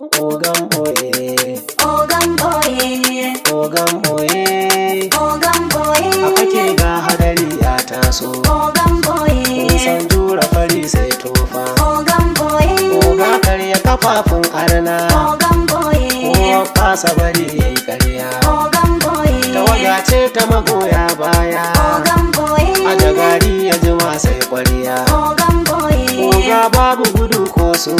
Ogan oye. Ogan ga hadari ya taso. Ogan fari sai tofa. Oga karya kafafun arna. Ogan kasa bari ya yi karya. Ogan Tawaga ce ta magoya baya. Ogan ya jima sai kwariya. Ogan Oga babu gudu ko sun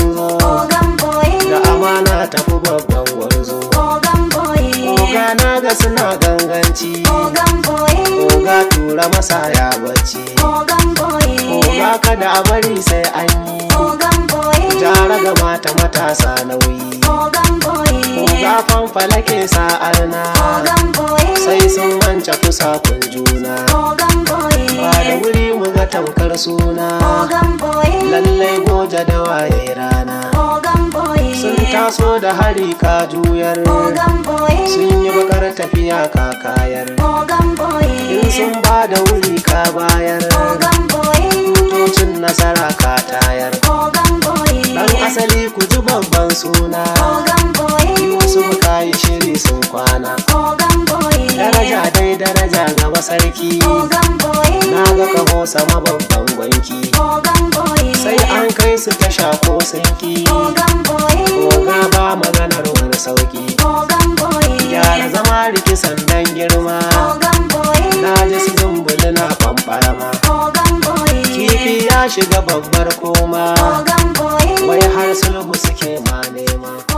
ga suna ganganci oga tura masa ya bacci oga kada a bari sai an yi jara ga mata matasa nauyi oga fanfala ke sa'ar na sai sun manca kusa kun juna ba da wuri mu ga tamkar suna lallai goja da waye rana sun taso da hari juyar sun yi bakar tafiya ka kayar ogan boye in sun ba da wuri ka bayar ogan boye motocin nasara ka tayar ogan boye dan asali ku ji babban suna ogan boye wasu ka yi shiri sun kwana ogan boye daraja dai daraja gaba sarki ogan boye na ga kaho sama babban gwanki ogan boye sai an kai su tasha ko sarki ogan boye ko ga ba maganar wani sauki riki sandan girma na ji su zumbuli na ma, kifi ya shiga babbar koma wai har sulhu suke ma nema